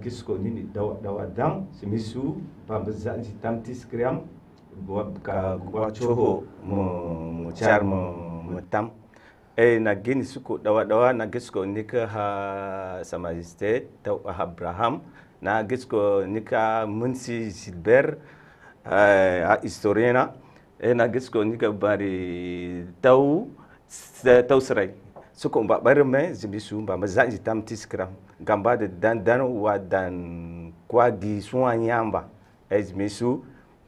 gis ko ni daw dam si misu pa bza si tamtis kriam bo ka bo choho mo mo char mo mo tam e na gin suko daw daw na gis ko ni ka ha sa majeste taw abraham na gis ko ni ka ha, munsi silber eh, a ha, historiana ha. e eh, na gis ko ni bari taw taw sray soko mba bare eh, me zibi su mba ma zanji tam gamba de dan dan wa dan kwa di su anyamba ez eh,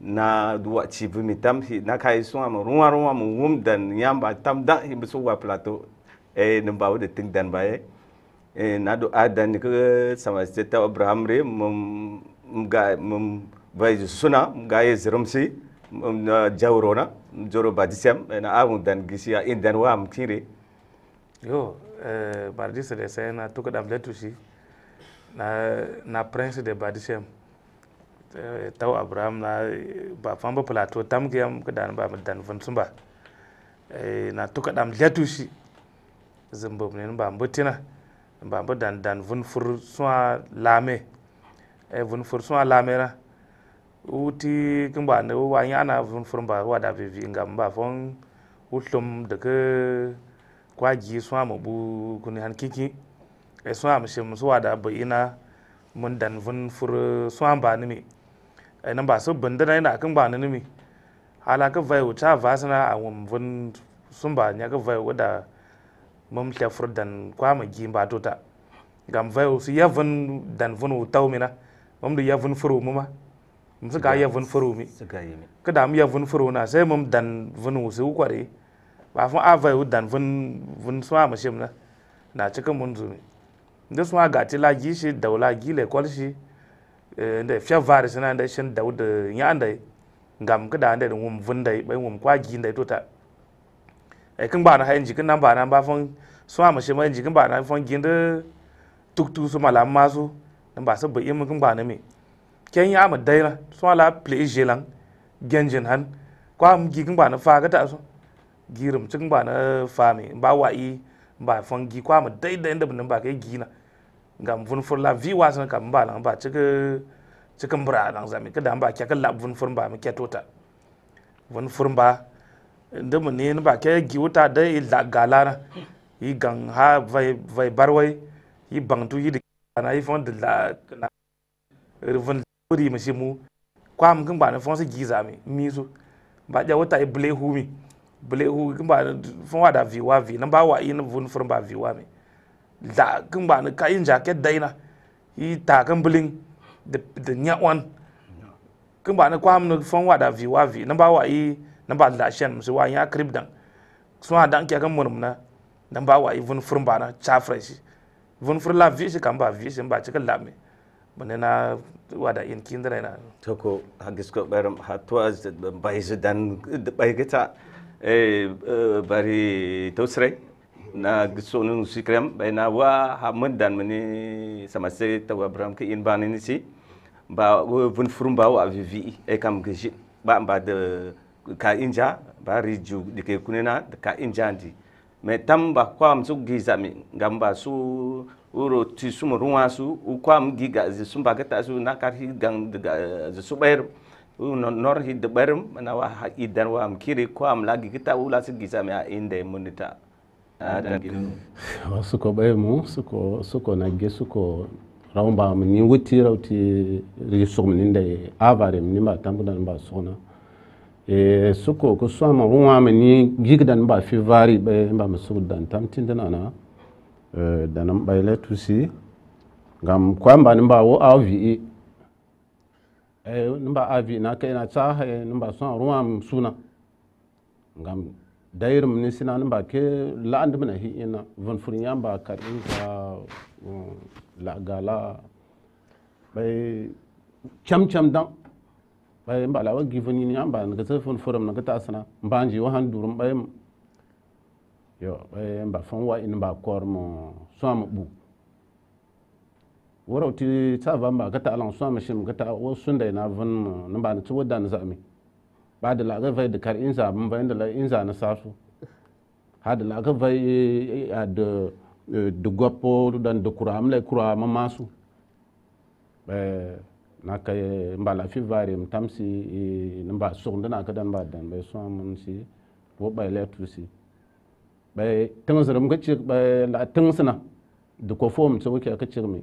na duwa chivu mi hi na kai su am ruwa ruwa mu wum dan nyamba tam dan hi misu wa plato e eh, nemba wo de ting dan bae e na do adan ke sama seta abraham re mum mga mum bae suna mga ye zerum si jawrona joro badisem na awu dan gisi ya in dan wa am yo eh, badis de sena tukadam letusi na na prince de badisem eh, abraham na ba famba plateau tam kiyam kadan ba dan von sumba eh, na tukadam letusi zimbo ne ba mbutina ba mbu dan dan von fur soa lame e fur soa lame na uti kimba ne wa yana von fur vivi ngam ba fon utlum kwa gi so ama bu kun han kiki e so ama shim so da bai ina mun dan vun fur so an ba ni mi e nan ba so bunda na ina kan ba ni mi hala ka vai uta vasana a wum vun sun ba nya ka vai da mun ta fur dan kwa ma gi ba tota gam vai su ya vun dan vun utau na mun da ya vun furu mu ma mun suka ya vun furu mi suka yi mi mu ya vun furu na sai mun dan vun su kware và phong ba fun avai udan fun fun swa mashim na na cika mun zumi da swa ga ti la gi shi gì để phía kwal shi da fiya varis na da shin daud ya andai ngam kada da wum vun đấy đấy bây dai bai wum kwa gi dai tota ai kin ba na hayin jikin nan ba na ba fun swa mashim mai jikin ba na fun gin da tuktu su malam masu nan ba sabbi yin kin ba na me ken ya mà đây là swa là play jelan genjin han kwa mu gi kin ba na pha ga ta so girim cin ba na fami ba wa'i ba fon gi kwa mu dai dai da ba kai gi na ngam vun fur la vi wasan kam ba lang ba cika cika mbra lang zami kada ba kya kala vun fur ba mu kyatota vun fur ba da mu ne ba kai gi wuta da la gala na yi gang ha vai vai barwai yi bangtu yi da na yi fon da la na rivun ri mu shi mu kwam kin ba na fon su gi zami miso ba ja wuta yi ble humi bile hu gba fun wa da vi wa vi nan ba wa yin vun fun ba vi wa me da kin ba ni ka yin jacket dai na yi ta kan bilin da da nya on kin ba ni kwam fun wa da vi wa vi nan ba wa yi nan ba da shen musu wa ya krib dan a dan ke kan mun na nan ba wa yi vun fun ba na cha fresh vun fun la vi shi kan ba vi shi ba cikin la me bane na wada in kindra na to ko hagisko bayram hatuwa bayzu dan gita. Eh, eh, bari tausrai na sonu sikram bai na wa hamad dan mani samase tawa bram ke in ban ni si ba vun furun ba wa vivi e kam geji ba ba de ka inja ba riju da ke kunena da ka inja ndi me tam ba kwam su gizami ngam ba su uro ti sumu ruwa su u kwam giga su ba ka ta su na kar hi gang su bayro uno nor hidde ɓerum na wa iddan wa am kiri ula si gisami inde munita ah, suko ɓeymu suko suko nagge suko rawmba mi ni wutti rawti rigi sugum ni nde avare mi e, e, ni mba mba sugna e suko ko suwama ruwama ni jigdan mba fi vari ɓe mba mi sugdan tamtindenana danam ɓayle tusi ngam koyambani mba wo aw Eh, nimba avi na kai na tsa he eh, nimba son ruwa suna ngam dair ni sina nimba ke la and mna hi ina von ya ba ka din ka mm, la gala bai cham cham dan bai mba la wa given ni amba ta tsa furum forum nga ta sana mbanji wa han durum bai yo bai mba fon wa in ba kor mo so am bu wara ti ba mba gata alang swa mu gata wasu da ina vun namba ni ci wadda na zami ba da laga vai da kar inza mun bayan da la inza na sasu ha da laga vai a da e, da gwapo da da kura amla kura ma masu eh na kai e, mba la fi vari mtamsi e, namba sugunda na ka dan ba dan bai swa mun si wo bai la tusi bai tangzara mu ga ci bai la suna da kofo mun tsuwa wuke ka ci mai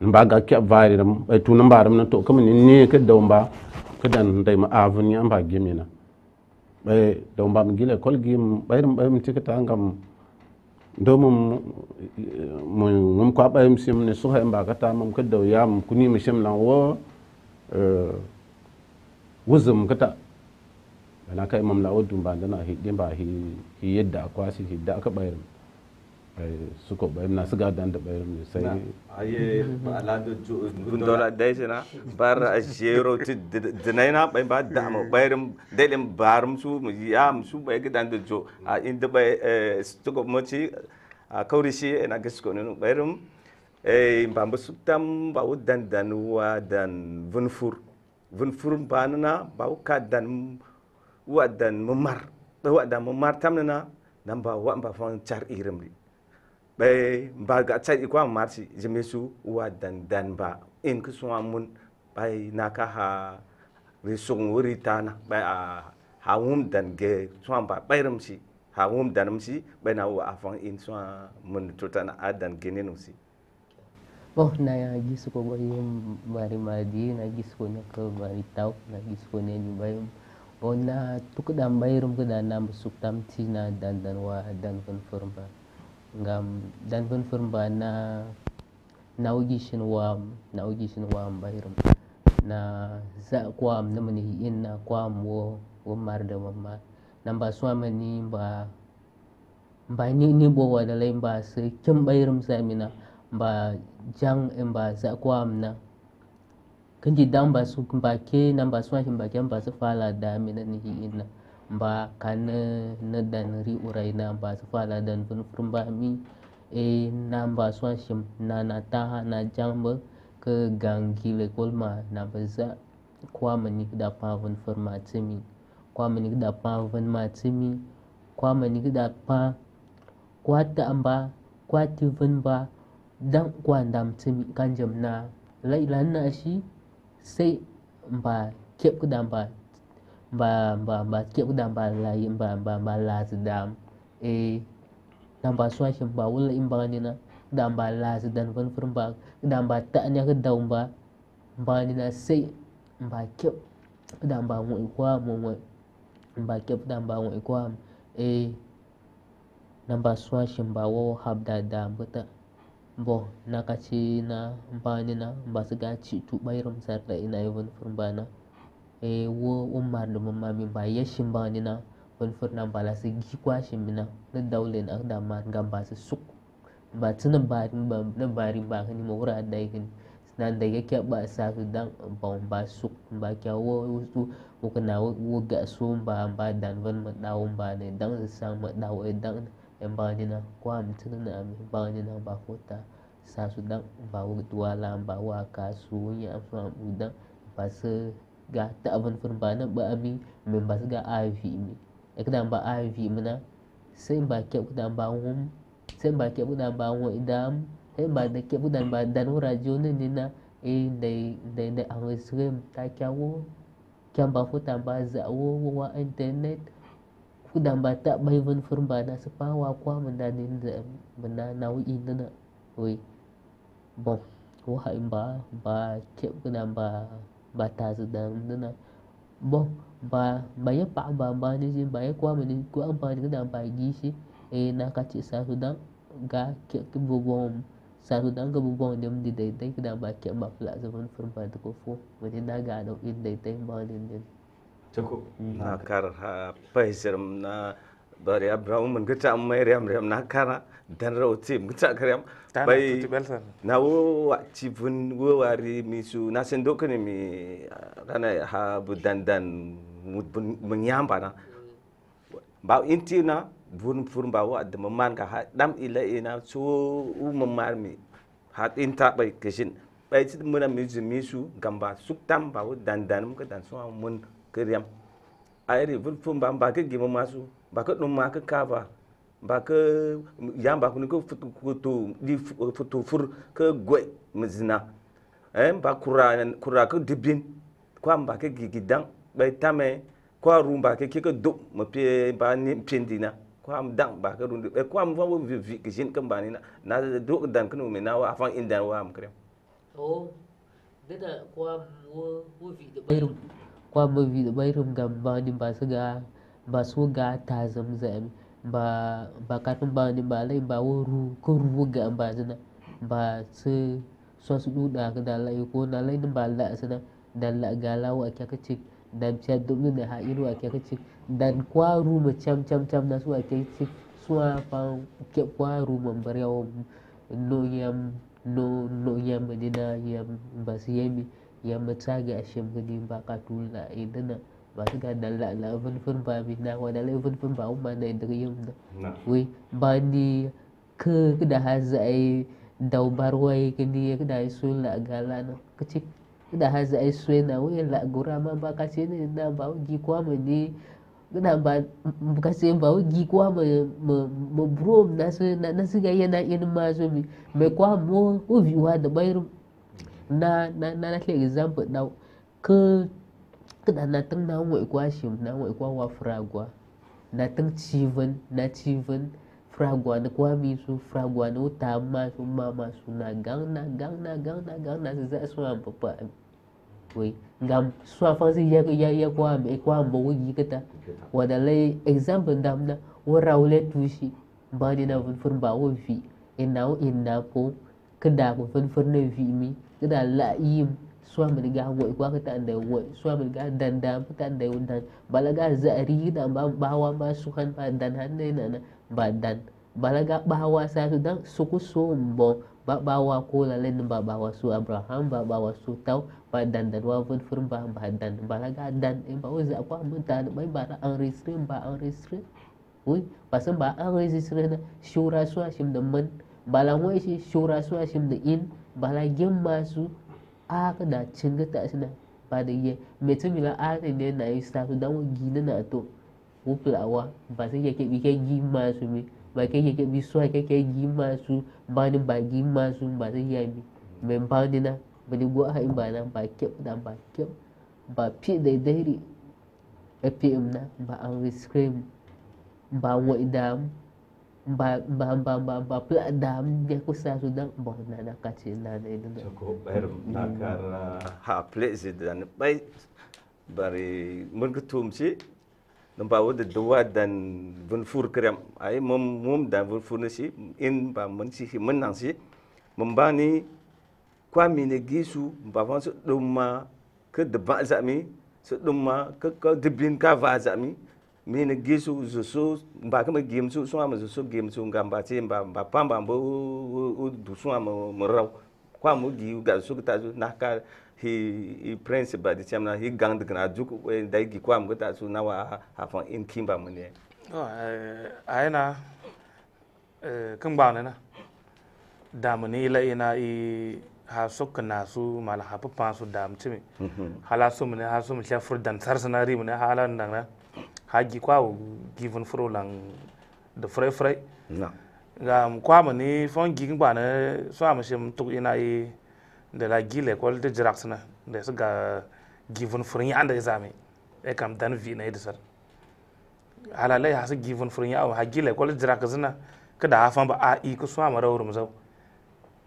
mba ga kya vaare dam ay eh, tu namba dam na to kam ni ne ka daw mba ke dan dai ma avni amba gemina bay eh, daw mba mi gile kol gim bay dam bay mi tikata ngam do mum mo ngum ko bay mi sim ne so hay mba ka ta mum ke daw yam kuni mi sim lan wo euh wuzum kata bana kai mam la odum ba dana hi ba hi yedda kwasi hi da aka bayram suko siga danda ɓayrum sey aye alaɗo ɗola daysena par jero ti dinayna ɓay mba damo ɓayrum dayɗen barum su yam su ɓay gidande jo a inde ɓay suko moci a kawrici ena gesko nenu ɓayrum ey mbambo subtam mbawo dan dan wa dan vunfur vunfur mbanana mbawo ka dan wa dan memar ɓay wa dan memar tamnana namba wa mba fan car iremri ɓe mbarga tsay ikwa marsi jemesu wa dan dan ba in ki suwa mun na naka ha risung wuri tana ɓay a ha wum dan ge suwa ba ɓayrim si ha dan danim si na wa afang in suwa mun tutana a dan geninum si bo na gisu ko ɓoyim mari madi na gisu ko nyaka mari taw na gisu ko neni ɓayim bo na tukɗam ɓayrim kɗa musu suktam na dan dan wa dan kon ba ngam dan pun ba na naugishin wam naugishin wam bayrum na za kwam na mani na kwam wo wo mar da mamma nan ba suwa ni ba ba ni ni bo da lai ba sai kin bayrum samina ba jang in ba za kwam na ji dan ba su ba ke nan ba ma kin ba ke ba su fala da mina ni na. ba kana na dan ri urai na ba su fala dan fun fun ba mi e na ba swa shim na na ta na jamba ke gangi le kolma na ba za kwa mani da pa fun fun ma timi kwa mani da pa fun ma timi kwa mani da pa kwa ta amba kwa ti fun ba dan kwa dam timi kanjam na lai lan na shi sai ba kep ku dan ba và và và kiểu đảm bảo là im và và và là đảm e đảm bảo xoay chân bảo là im bằng như na đảm bảo là sự đảm vẫn vững bằng đảm bảo tạ nhà cái đầu mà bằng như na sẽ và kiểu đảm bảo ngoại qua mọi người và kiểu đảm bảo ngoại qua e đảm bảo xoay chân bảo hợp đại đảm bảo tạ bo na kasi na bani na basga chitu bayram sa na even from bana ee wo umar da mamma mi ba ya shin ba ni na ban furna ba la gi kwa shin da daulen ak da man ga ba su suk ba tun ba ba na bari ba ni mo wura da yin nan da yake ba sa su dan ba ba suk ba kya wo su ko na wo ga su ba ba dan ban ma da wo ba ne dan su sa ma da dan en ba ni na ko am tun na mi ba ni na ba ko ta sa su dan ba wo duwa la ba wa ka su ya fa mu dan ba su ga ta abin furba na ba abin min ba ga avi mi e kudan ba avi mina sai ba ke kudan ba wum sai ba ke kudan ba wum idam sai ba da ke kudan ba dan wu rajo ne ne na e dai dai dai an isrim ta kya wo kya ba futa ba za wo wo wa internet kudan ba ta ba ibin furba na su fa wa kwa mun da ne da mun na nawo in na oi bon wo ha ba ba ke kudan ba Ba bata da nuna ba ba ba ya baanjiri baya ba ni ba baanjiri ka ba gi shi eh, na ka sa su dan ga kpiɣu bi boŋom sarifu da ka bi boŋ nimdi daidai ka daan bai kpiɣu maa pili zabi ni ga da di ka fu bi ni ta gaadɔ na kar ha baŋ na bari abraham mun gata am may riyam riyam. na kana dan raw tim ta karem bai na wo ci bun wo wari mi su ah, na sen ne mi rana ha bu dan dan mu nyamba na ba inti na bun fur ba wa da man ka ha dam ila ina so u mamar mi ha ta, bai kishin bai ci mun mi ji mi su gamba suktam ba wo dan dan mun ka dan so mun kiryam ayri bun fur ba ba ke gima masu baka ɗum ma ka kava ba ka yamba kuni ka futu di futu fur ka gwe mzina eh ba kura kura ka dibin kwa mba ka gigidan ba tame kwa rumba ka kika do ma pe ba ni pindina kwa mdan ba ka rundu eh kwa mwa vi vi ka jin kan bani na na do dan kunu me na wa afan indan wa am krem oh dada kwa wo wo vi da bayrum kwa mo vi da bayrum gamba ni ba su ga ba masu gata zamzami ba, ba kafin ba ni ba lai ba wo ru ko ruwa ga ba zina ba su so su duda ga da lai ko na lai ba la sana da la ga lawo ake kace dan ce dum ne ha iru ake kace dan kwaru mu cham cham cham na su ake kace a fa ke kwaru man bar yawo no yam no no yam dina yam ba su basiyemi yam ta ga shem gidi ba ka tuna idana basuka dalla la fulful ba minna wa la fulful ba umma na idriyum we bani ke da hazai daubar wai kini da sun la galana kace da hazai suena we la ma ba kace ne na ba gi kwa ne na ba kasi ba gi kuwa ma ma bro na su na su ga yana in ma so mi me kuwa mo o viwa da bayr na na na na example na ke Kna na tẽng na n wẽ'ɛ goashẽm na n wẽ'ɛ goa wa furagua na tẽng civen na civen furagua ni ku amisu furagua ma ku ta masu mamasu na gangna gangna gangna gangna sẽn za'a su n pa pa woi ngam sõa fãa sẽn yɛk wãmb wuu ya wadala exemple n damda wuu rao la tushi n bãa nina vunfur n baa wuu vi ni na wuu ĩn na ina ko kẽ daa kpã vunfur na vi mi daa la yĩm suam berga wot kuah kita anda wot suam berga dan dam tak anda dan balaga zari kita bawa masukan badan anda nana badan balaga bawa saya sudah suku sombong bak bawa ku lalai nba bawa su Abraham bak bawa su tau badan dan wafun firm bak badan balaga dan emba eh, uzak aku mentan mai bara angrisri mba angrisri ui pasal mba angrisri na syura su asim demen balangwa isi syura su asim de balagi masu aka da cin ga ta sinan ba da iya mai bila a ne ne na yi sa don gina na to wuklawa ba sai yake bi ke gi masu mi ba ke yake bi so yake ke gi masu ba ni ba gi masu ba sai ya bi mai ba ni na ba ni go ha in ba na ba ke da ba ke ba fi dai dai ri na ba an scream ba wa idam bapa Adam lah dia kusah sudah boleh nak nak kacil dan itu cukup ber hmm. nak cara lah. ha plate sih dan baik dari mengetum sih nampak ada dua dan bunfur kerem ay mum mum dan bunfur nasi in ba mensihi menang sih membani kuami negisu bapa sudah ma ke debat zami sudah ma ke ke debin kava zami mini gisu zoso mba kama gem su suwa ma zoso gem su nga mba se mba pamba mbo o du suwa ma raw kwa mo gi ga so ta zo na ka he i prince ba di chamna he gang de na ju da gi kwa mo ta su na wa ha fa in kimba mo ne oh ai e na e, kan ba na da mo ne la ina i ha sok na su mal ha pa su da mtimi mm-hmm. hala su mo ne ha su mo chefur dan sar sanari mo ne hala ndang na hagi kwa o given fro lang da furai furai na gam kwa ni fon gi ba na so am sem tuk ina yi de la gi le kol de jirax na de ga given fro ni anda exame e kam dan vi na de sar ala le ha given fro ni aw ha gile le kol jirax na kada afan ba a ku ko so am rawrum zo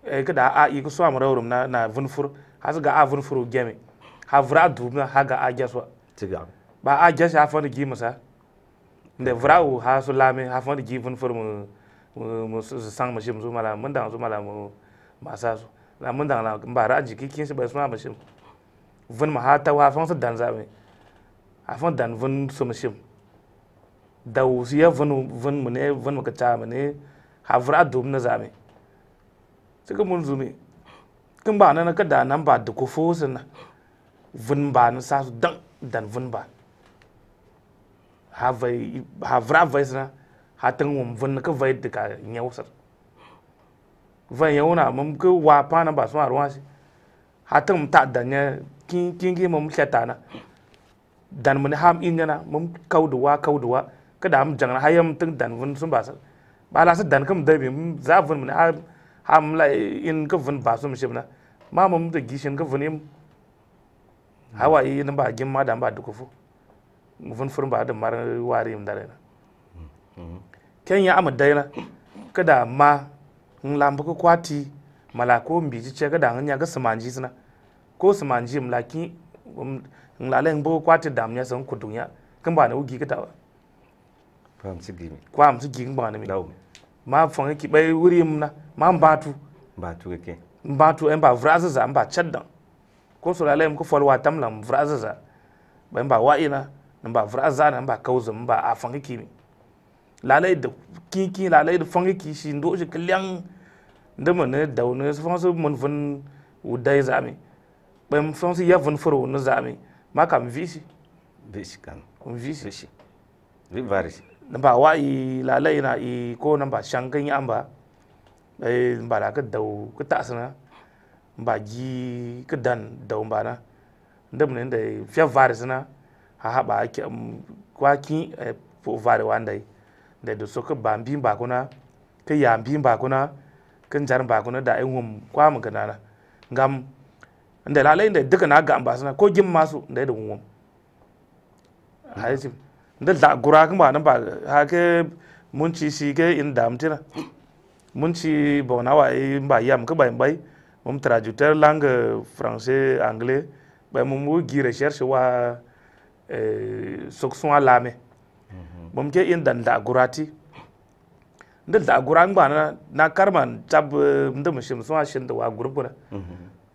e kada a i so am rawrum na na vun fur ha ga a vun fur gemi ha vra dubna ha ga a jaswa tigam ba a jasi a fɔni gii musa nde vra ha su lami ha fɔni gii fun fur mu mu sang mu shim su mala mun dang su mala mu masa su la mun dang la ba ra ji ki kin su ba su ma mu shim vun ma ha ta wa fɔn su dan zabe a fɔn dan vun su mu shim da wu su ya vun vun mu ne vun mu ka cha mu ne ha vra dum na zabe suka mun zumi kin ba na ka da nan ba da ku fosin na vun ba na sa su dan dan vun ba havai havra vaisna hatan wum vunna ka vai dika nyawsar vai yawna mam ka wa pana ba sma ruwasi hatan um ta danya kin kingi mam tlatana dan mun ham in du ingana mam kauduwa kauduwa kada am jangna hayam tin dan vun sun basar ba la sa dan kam dabi za vun mun ha ham la in ka vun ba sum shibna ma mam da gishin ka vun im hawa yi nan ba gin ma dan ba dukufu vun furba da mar wari im dare mm, mm. ken ya amad dai na kada ma in lambu ko kwati mala ko mbiji ce kada in ya ga samanji sina ko samanji im laki in lale in bo kwati damnya san kudunya kan ba na ugi kada kwam su gimi kwam su gimi ba na mi ma fon e ki bai wuri im na ma batu batu ke batu en ba vraza za e ba chaddan ko so lale im ko folwa tamlam vraza za ba wa ina Mba vra zan an, mba kawzo, mba a fange ki mi. Lale dè, kin kin, lale dè fange ki, si ndou jè ke liyan. Ndè mwenè, eh, dè ou, nè, se fwansè mwen ven ou dè zan mi. Mwen fwansè ya ven fwou nou zan mi. Mba kam visi. Visi, kama. Kam visi. Visi. Visi varisi. Ndè mwenè, lale dè na, i kou nan mba shankè yi an mba. E, mba la ke dè ou, ke tas an an. Mba di, ke dan dè ou mba nan. Ndè mwenè, fya varisi an an. haɓa um, kwaki eh, vare wanda da da soka bambin bakuna ka yambin bakuna kan jarin bakuna da ai hum kwamu na gam nda lalai da duka na ga ambasana ko gim masu da da hum haji da da gura kuma ba nan ba hake mun ci shi ga in damtina mun ci wa ai ba yam ka bai bai mun traducteur langue francais anglais bai mun mu gi recherche wa soksuwa lame bomke yin dan da gurati ndin da guran ba na na karma tab eh, ndim shim suwa shin da wa gurbura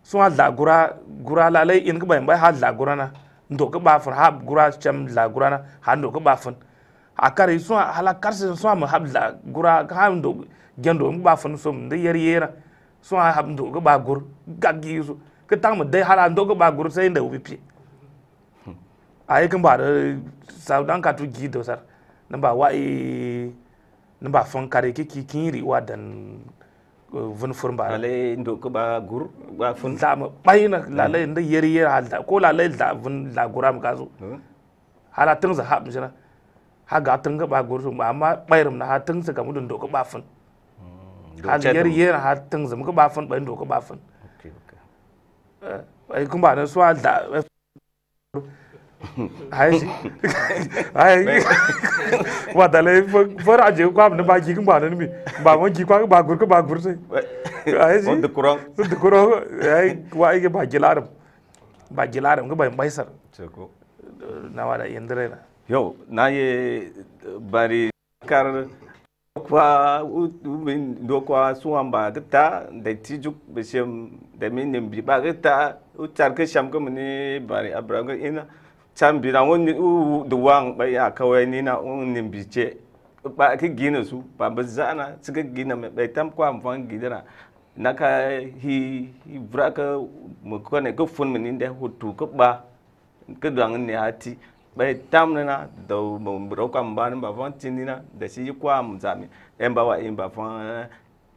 suwa da gura gura lalai in gban bai ha da gurana ndo ka ba fur ha gura cham da gurana ha ndo ka ba fun a akari suwa hala karsin suwa mu ha da gura ha ndo gendo ba fun so da yer yera suwa ha ndo ka ba gur gaggi su ka tang mu dai hala ndo ka ba gur sai da ubi yi kan ba sa dan ka tu gi do sar nan ba wa i nan ba fon kare ki ki kin ri wa dan eh, vun fur ba ale ndo ko ba gur ba fun da ma bai na la la nda yeri yeri hal da ko la la da vun la guram ka zo hmm. hala tun za hab jira ha ga tun ga ba gur ba amma bairum na ha tun sa ga mudun do ko ba fun hmm, hal yeri yeri ha tun za mu ko ba fun bai do ko ba fun eh, ai kun ba na so da eh, wa dale fora aje kwa ne ba gi ngba ne ba mo gi ba gur ba gur se ai si wa ai ba jilaram ba gilaram ge ba mai sar ko na wa da yendere na yo na ye bari kar kwa min do kwa ba ta min bi ba ta u ke sham ko mini bari ina bi na wani uu da wang ya kawai ni na wani bice ba ki gina su ba ba zana suka gina mai bai tam kwa mfan gidana na ka hi hi ka mu kone ka fun min da hutu ka ba ka dan ni hati bai tam na da mu roka mba ba fon tinina da shi kwa mu yan e ba wa en ba fan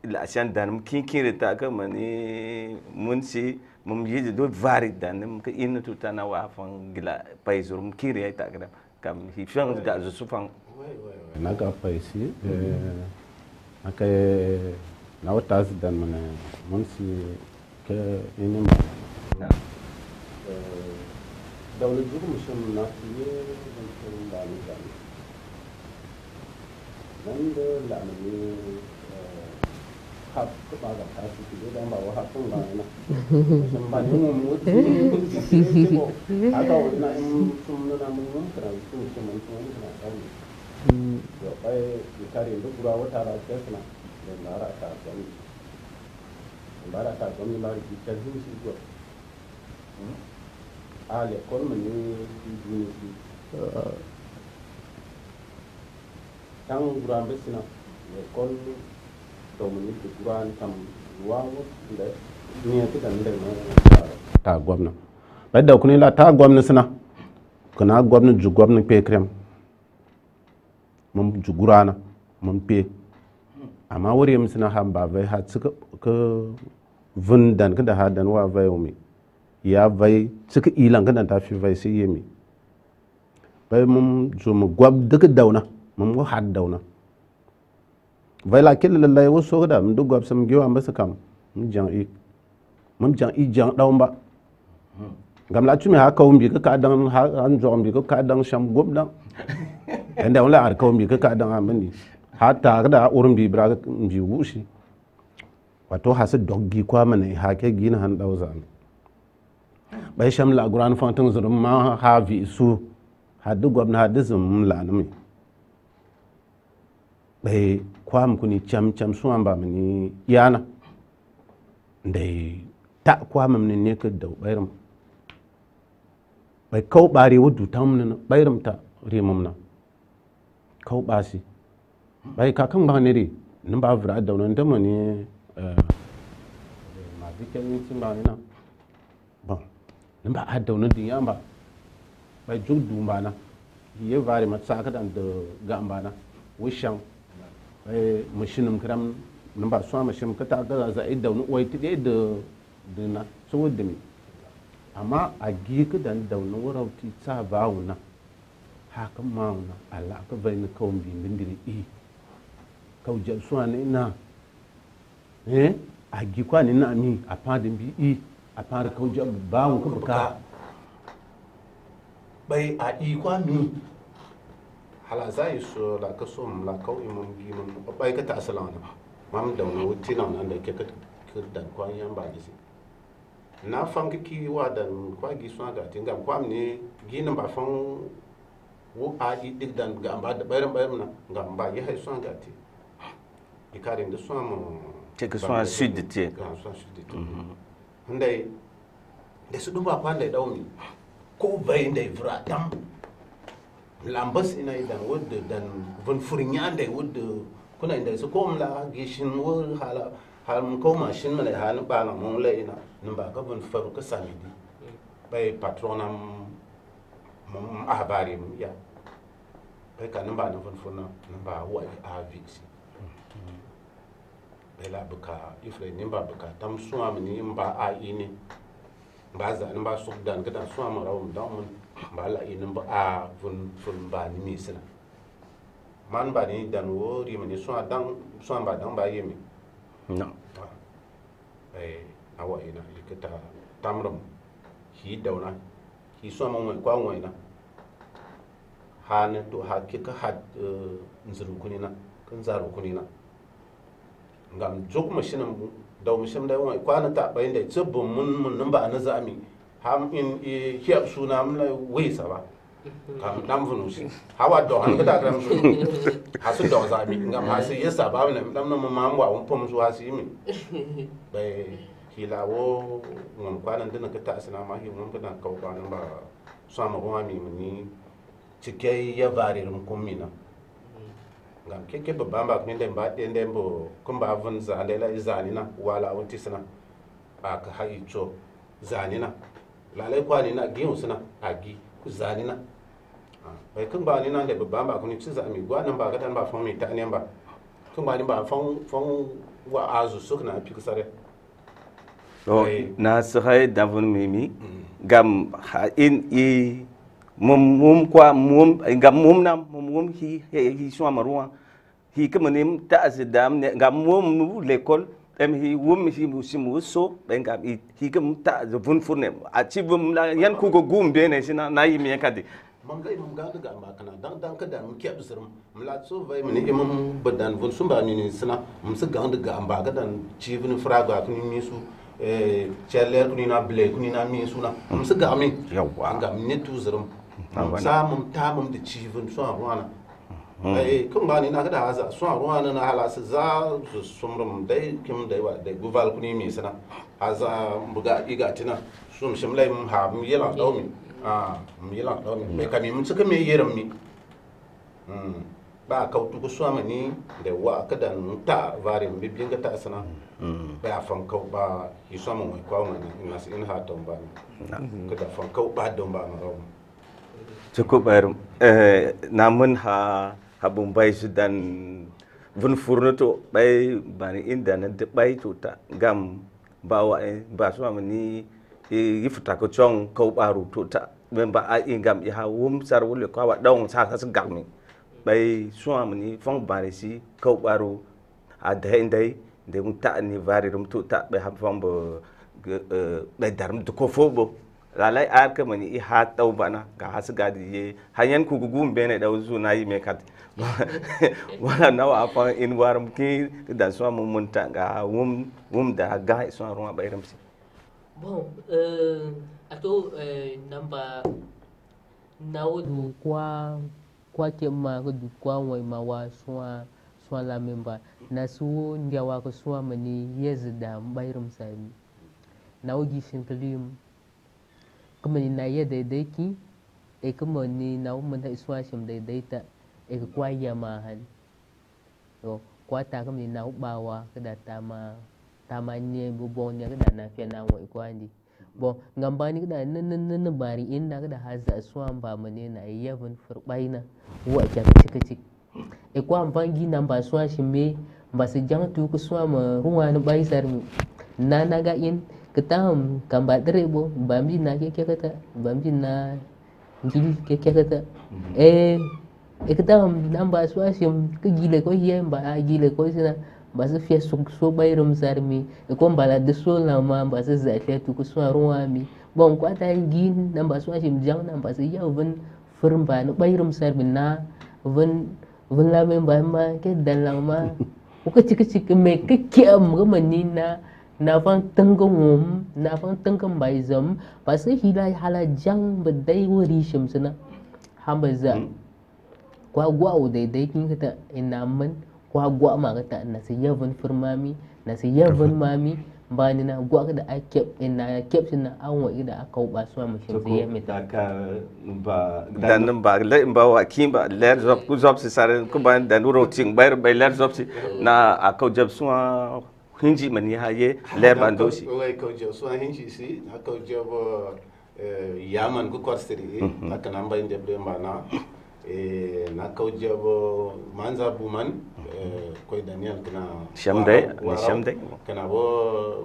la shan dan kin kin ta ka mani mun shi mamãe do varida nem que ino tu tá na wafang gila paisor mukiri aí tá agora cam hifang da zufang na capa esse eh, na que na outra vida mané monsi que ino da onde tu começou na filha do teu marido quando lá no Kalau lah, nak yang semula nak mengumum kerana itu cuma tuan nak tahu. Jauh ay dikari untuk berawat harap saya senang dan marah tak jamin. Marah tak jamin lari kita ini sih buat. Ah, lekol menyusui. Tang berambil senang lekol ta gwamna bai da kuni la ta gwamna suna kuna gwamna ju gwamna pe krem mun ju gurana mun pe amma wuri mun suna han ba bai ha cika ka vun dan kada ha dan wa bai umi ya bai cika ilan kada ta fi bai sai yemi bai mun ju mu gwab duka dauna mun ha dauna vai la kele la wo sogda m do sam gi wamba se kam m jang i mum jang i jang dawmba ngam la tumi ha kawum bi ka dan ha an jom bi ka dan sham gob dan enda wala ar kawum bi ka dan amani ha ta da urum bi bra bi wushi wato ha se doggi kwa mane ha ke gina han dawza bai sham la qur'an fantan zurum ma ha vi su ha du na ha la nami bai kwam kuni cham cham suamba mini yana ndai ta kwam mini neke da bayram bai kau bare wudu ta mun bayram ta rimum na kau basi bai ka kan ba ne ri nin ba vra da nan da mani eh, ma dikel ni tin ba ina ba nin ba adda nan din yamba bai jug dumba na ye vare ma tsaka dan da gamba na wishan Eh, mashinum kram namba swa mashim kata ga za idda nu wai tide da dina so wudde mi amma a gi ka dan da nu warauti tsa bauna haka mauna Allah ka bai ni kawun bi mindiri i kau jal swa ne na eh, a gi kwa ni na mi a padin bi i a fara kau jal bawun ka bai a i mi hala zai so la ka so la ka imun mun gi mun bai ka ta asala wani na mam da wani wuti na wani da ke ka da kwan yan ba gisi na fan ki ki wa da kwa gi suna ga tin ga kwam ne gi nan ba fan wo a yi dik dan ga ba da bayan bayan na ga ba yi hai suna ga ti ikarin da suna mu te ka so sud te ka so sud te ndai da su duba kwan da daumi ko bai ndai vra tam lambas ina idan wadda dan van furinyande wadda kuna inda su kom la gishin wal hala hal ko mashin mala hal bala mon la ina nimba ka van faru ka samidi bay e patronam mum ahbari ya bay e ka nimba na van furna nimba wa e avix bay la buka ifre nimba buka tam suwa mini nimba a ini ba za nimba sukdan gidan suwa marawum dan mun mbala inin ba a fun fun ba ni mi sina man ba ni dan wo ri mi so adan so ba dan ba yemi no ah. eh awa ina ta tamrum hi dauna hi so ma won kwa won ina han to ha kika had eh, nzuru kunina kan zaru kunina ngam jok mashinan daw mishim dai won kwa na ta bayin da tsibbun mun mun ba na zami ham in kiab suna mla we saba kam dam vunu si hawa do han kada dam su hasu do za mi ngam hasu ye saba ne dam no mam wa um pom su hasi mi be kila wo ngam kwanan dina kata asna ma hi ngam kada kau kwanan ba so ma ko mi ni cike ya varir mu kummina ngam keke babban ba kuma den ba den den bo kun ba vun za lela izani na wala wutisna ba ka hayi cho zani na Lale kwa li na gen ou sena, a gi, kwa zanina. Wey, kwen ba li nan gen beba mba, kwen li tizami, gwa nan mba gata mba fon me ta nye mba. Kwen ba li mba fon, fon wak a zo sok nan api kwa sare. No, nasi kwa e davon mimi, gam ha in i mwem mwem kwa mwem, gam mwem nan mwem mwem hi, hi shwa marwa. Hi kwen menem ta azedam, gam mwem mwem mwem lekol, em hi wum hi mu sim wu so ben ga i hi gum ta zo vun a ci bum la yan ku go gum be ne sina na yi me kadi mam gai mam ga ga ma kana dan dan ka dan mu ke bi sirum mu la so vai mu ne imam dan vun sum ba ni ni sina mu su ga ga ba ga dan ci vun fra ga kun mi su eh chaler kun na ble kun na mi su na mu su ga mi yawa ga ne tu sirum sa mum ta mum di ci vun so a na. Mm. Eh, kum bani na kada haza so a ruwa na halas za su sumrum dai kim dai wa dai guval kuni mi sana haza buga iga tina sum shimlai mun ha mu yela dawo mi a ah, mu yela dawo mi me mm. kami mun suka me yeram mi mm. ba kautuku suwama ni da wa kada ta varin bibin ga ta sana ba fankau ba yi suwama mai kwa wani masu in ha don ba mm-hmm. kada fankau ba don ba ma rawa. Cukup eh, na mun ha habun su dan vun furnato bai bani inda na de bay ta gam ba wa eh, ba so ni eh, yi futa ko chong ko baru tuta men ba a gam ya wum sar wule ko wa dong sa sa gami su amma ni fon bari si ko baru a dai dai de mutani vari rum tuta bai ha fon bo eh, bay darum ko bo lalai ayar ka mani ha tau bana ga hasu gadi ye hanyan ku gugun bene da uzu na yi mekat wala nawa afan in waram ki da so mun munta ga wum wum da ga so ruwa bayram si bon euh ato euh namba nawo du kwa kwa ke ma du kwa wa ma wa so so la memba na su ndia wa ko so mani yezda bayram sami nawo gi simplium na yi iya daidaiki e na nina umanta isuwa shim daidaita e ka kwa yamahan to kwa ta kama nina ubawa kada tama tama nye bubon nye kada na fiya na wa bo bon ngambani kada nananana bari inna kada haza suwa ba mane na yabin furbaina wa kya cika cika e eh, kwa mpangi na mba suwa ba su sejang tu kuswa ma ruwa na baisar na ga in kitambo kambatire bo na kekyakata ke hmm. eh, eh, ke kata ah, eh ikitam nan ba su asim ka gile ko hiye ba a gile ko sina ba su fiye su so bayrum zarmi e ko bala de so la ma ba su zafe tu ku so ruwa mi bon ko ta gin nan ba su asim jang nan ba su yau bin furin ba ni bayrum sarmi na bin bin la men ba ma ke dalama la ma ko ka ciki ke me kake am ga manina navan tangam navan tangam baizam pasa hila hala jang badai wari shamsana hamba za kwa gwa o dai dai kin kata ina man kwa gwa ma kata na sai yavan firmami na sai yavan mami bani na gwa da ake ina kep na an wa ida aka uba suwa mu shi zai yemi ta ka ba dan nan ba la in ba wa kin ba ler job ku job si sare ku ba dan ro ting bayar bay si na aka job suwa hinji mani haye lerban dosi way ko jo so hinji si eh, mhm. na ko jo bo yaman ku korseri na kana mbay ndebre mbana e na ko jo bo manza buman eh, koy daniel kana shamde ni shamde kana bo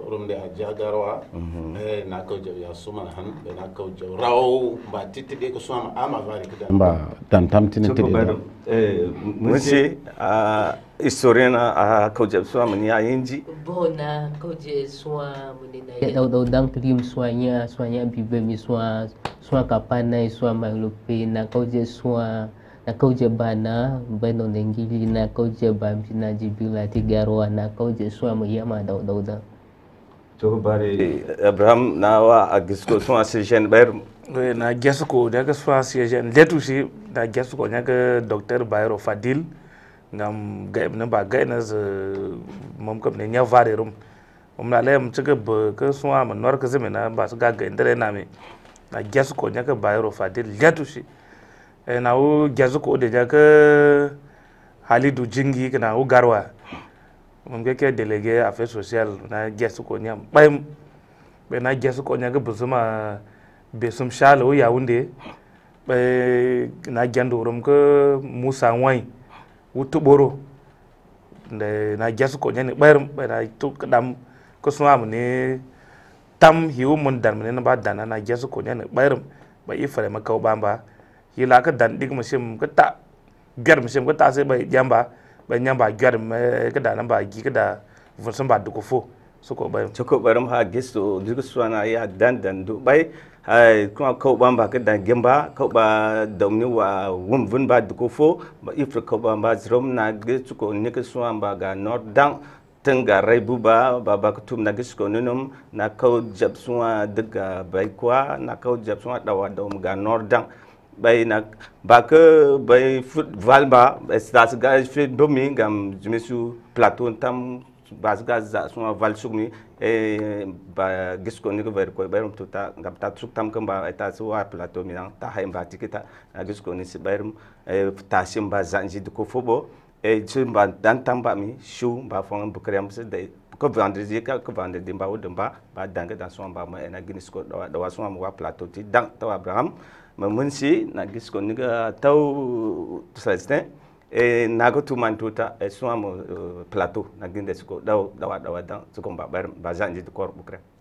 rumde hajja garwa mhm. e eh, na ko jo ya suman han be na ko jo raw ba titide ko suama ama vari kidan ba tantam tinitide eh munsi historien a ah, kauje suwa mun ya yinji bona kauje suwa mun na da da dan krim suwa nya bibe mi suwa suwa kapana suwa malupe na kauje suwa na kauje bana bano ngili na kauje bambi na jibila tigarwa na kauje suwa mun da da da to bare eh, abraham nawa a gisko suwa sirjen bayar na gisko daga suwa sirjen letu shi da gisko nyaga dr bayro fadil ngam gaib ne ba gaib ne ze mom kam ne nya vare rum mom na lem chike be ke suwa ma nor ke zeme na ba su ga gai ndere na me na gyasu ko nya ke ba yoro e fa de lyatu shi e na u gyasu ko de ja ke halidu jingi ke na u garwa mom ke ke delege affaires sociales na gyasu ko nya baim be na gyasu ko nya ke buzuma be sum shalo ya wunde be na rum ke musa wai wutu boro nde na jasu ko jasuko ñani ɓayrum ɓena tukɗam kusuma mune tam hiu mun dan mune namba dana na jasu ko nyani ɓa i fere ma kaw ɓamba hila ka dan dik musim ka ta gyar musim ka ta sai ɓa jamba ɓa nyamba gar ka da namba gi ka da vunsum ba duko sukoɓarim sukoɓarim ha gisto dirsuana ya dandan dubai kuma kauban ba ka dangin ba kauba daumni wa wumvin ba duko fo ba ifra kauban ba zirom na gitsuko nika suwan ba ga nordan tun ga raibu ba ba ba ka tum na gitsuko nunum na kau jabsuwa daga baikuwa na kau jabsuwa dawa daum ga nordan bay nak ba que bay foot valba stas ga fit domi gam jumesu plateau tam basga za suma val sugni e ba gisko ni ver ko bayrum to ta ngam ta suk tam kamba ta so wa plateau mi ta hay mba tikita gisko ni si bayrum e ta sim ba zanji ko fobo e sim ba dan tamba mi shu ba fon bu euh, krem se de ko vendredi ka ko vendredi ba wudum ba ba danga dan suma ba ma ena ginis ko da wa suma wa plateau ti dang ta abraham ma munsi na gisko ni ga taw celestin e naga tumantuta e suwamo e, plateau na guinde siko daw dawa dawa dan siko mba bar mba zanji di kor bukra